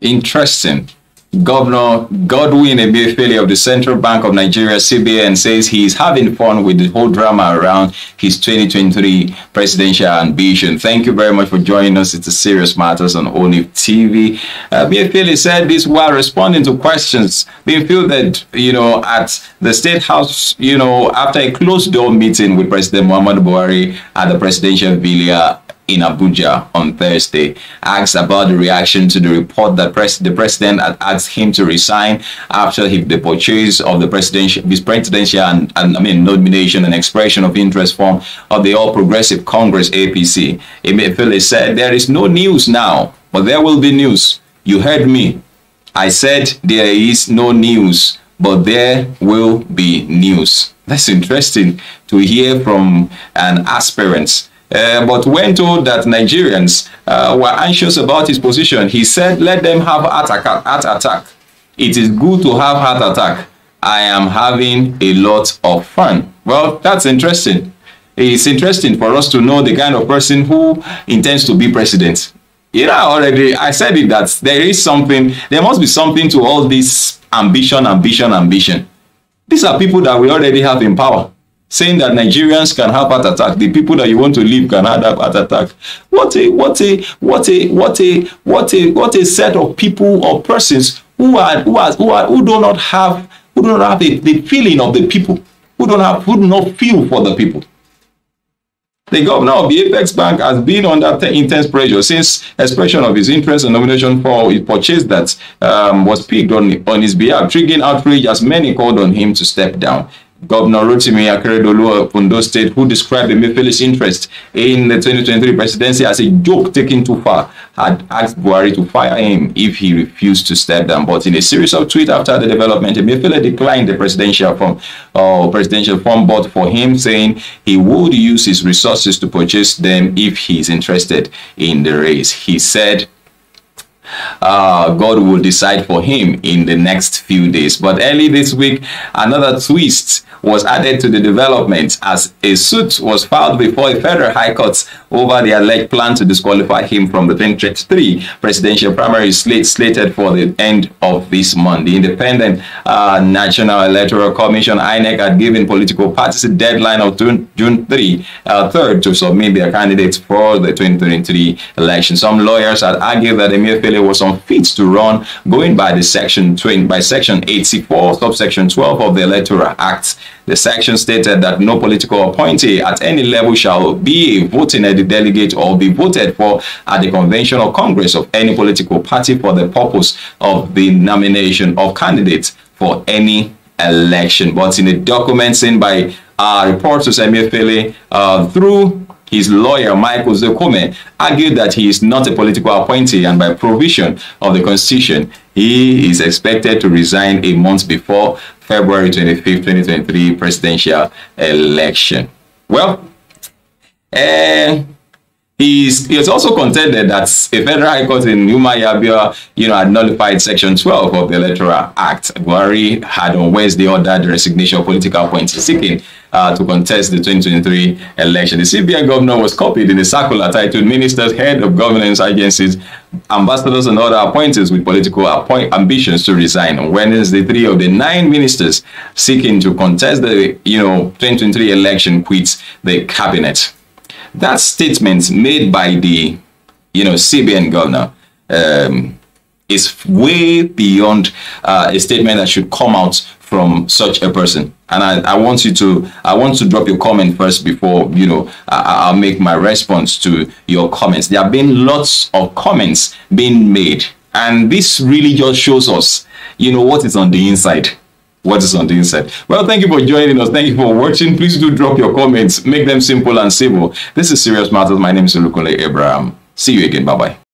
Interesting. Governor Godwin Emefiele of the Central Bank of Nigeria, CBN, says he is having fun with the whole drama around his 2023 presidential ambition. Thank you very much for joining us. It's a serious matters on ONIF TV. Uh, said this while responding to questions being fielded, you know, at the State House, you know, after a closed door meeting with President Muhammad Buhari at the presidential villa in Abuja on Thursday. Asked about the reaction to the report that pres the president had asked him to resign after he, the purchase of the presidential, his presidential and, and, I mean nomination and expression of interest form of the All Progressive Congress APC. Emefiele said, "There is no news now, but there will be news. You heard me. I said there is no news." But there will be news. That's interesting to hear from an aspirant uh, but when told that Nigerians uh, were anxious about his position, he said, let them have heart attack, heart attack. It is good to have heart attack. I am having a lot of fun. Well, that's interesting. It's interesting for us to know the kind of person who intends to be president. You know, already I said it that there is something, there must be something to all this ambition, ambition, ambition. These are people that we already have in power saying that Nigerians can have heart attack, the people that you want to leave can have heart attack. What a what a what a what a what a what a set of people or persons who are who are who, are, who do not have who do not have the, the feeling of the people, who don't have who do not feel for the people. The governor of the Apex Bank has been under intense pressure since expression of his interest and nomination for a purchase that um, was picked on, on his behalf, triggering outrage as many called on him to step down. Governor Rotimi Akeredolu of Ondo State, who described the Mifili's interest in the 2023 presidency as a joke taken too far, had asked Buhari to fire him if he refused to step down. But in a series of tweets after the development, Mifili declined the presidential form, uh, presidential form but for him, saying he would use his resources to purchase them if he is interested in the race. He said, uh, God will decide for him in the next few days. But early this week, another twist was added to the development as a suit was filed before a federal high court over the alleged plan to disqualify him from the 2023 presidential primary slate slated for the end of this month. The Independent uh, National Electoral Commission, INEC, had given political parties a deadline of June, June 3, uh, 3rd to submit their candidates for the 2023 election. Some lawyers had argued that the mere failure were some feats to run going by the section 20, by section 84, subsection 12 of the Electoral Act. The section stated that no political appointee at any level shall be a voting at the delegate or be voted for at the convention or congress of any political party for the purpose of the nomination of candidates for any election. But in the document sent by our reporters, Emir Philly, uh, through his lawyer, Michael Zekome, argued that he is not a political appointee and by provision of the Constitution, he is expected to resign a month before February 25, 2023 presidential election. Well, uh, He's, he has also contended that a federal high court in Yuma you know, had nullified Section 12 of the Electoral Act. Buhari had on Wednesday ordered the resignation of political appointees seeking uh, to contest the 2023 election. The CBN governor was copied in a circular titled Ministers, Head of Governance Agencies, Ambassadors and Other Appointees with Political appoint Ambitions to Resign. On Wednesday, three of the nine ministers seeking to contest the, you know, 2023 election quit the cabinet. That statement made by the, you know, CBN governor um, is way beyond uh, a statement that should come out from such a person. And I, I want you to, I want to drop your comment first before, you know, I, I'll make my response to your comments. There have been lots of comments being made. And this really just shows us, you know, what is on the inside what is on the inside. Well, thank you for joining us. Thank you for watching. Please do drop your comments. Make them simple and civil. This is Serious Matters. My name is Olukunle Abraham. See you again. Bye-bye.